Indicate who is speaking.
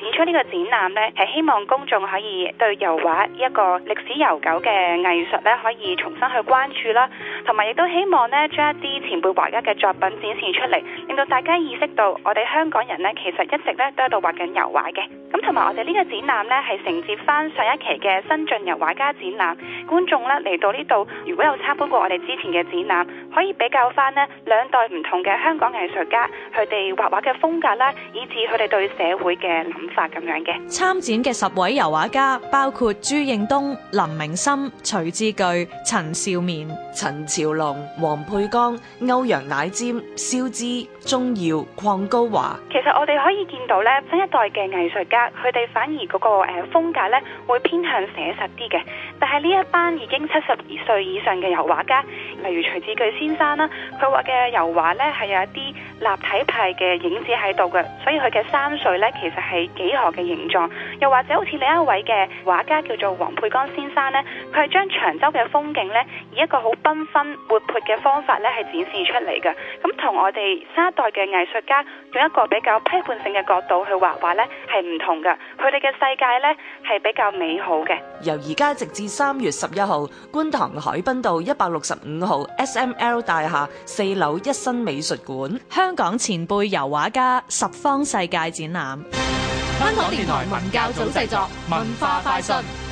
Speaker 1: 展出呢個展覽呢，係希望公眾可以對油畫一個歷史悠久嘅藝術呢，可以重新去關注啦，同埋亦都希望呢，將一啲前輩畫家嘅作品展示出嚟，令到大家意識到我哋香港人呢，其實一直呢都喺度畫緊油畫嘅。咁同埋我哋呢個展覽呢，係承接翻上一期嘅新晉油畫家展覽，觀眾呢，嚟到呢度，如果有參觀過我哋之前嘅展覽，可以比較翻呢兩代唔同嘅香港藝術家，佢哋畫畫嘅風格啦，以至佢哋對社會嘅諗法。
Speaker 2: 參展嘅十位油畫家包括朱應東、林明森、徐志巨、陳少綿、陳朝龍、黃佩剛、歐陽乃尖、肖之、鍾耀、鄺高華。
Speaker 1: 其實我哋可以見到咧，新一代嘅藝術家，佢哋反而嗰個誒風格咧，會偏向寫實啲嘅。但係呢一班已經七十二歲以上嘅油畫家，例如徐志巨先生啦，佢畫嘅油畫咧係有一啲立體派嘅影子喺度嘅，所以佢嘅山水咧其實係幾何嘅形狀，又或者好似另一位嘅畫家叫做黃佩剛先生咧，佢係將長洲嘅風景咧以一個好繽紛活潑嘅方法咧係展示出嚟嘅，咁同我哋新一代嘅藝術家用一個比較批判性嘅角度去畫畫咧係唔同嘅，佢哋嘅世界咧係比較美好嘅。
Speaker 2: 由而家直至。三月十一號，觀塘海濱道一百六十五號 SML 大廈四樓，一新美術館，香港前輩油畫家十方世界展覽。香港電台文教組製作，文化快訊。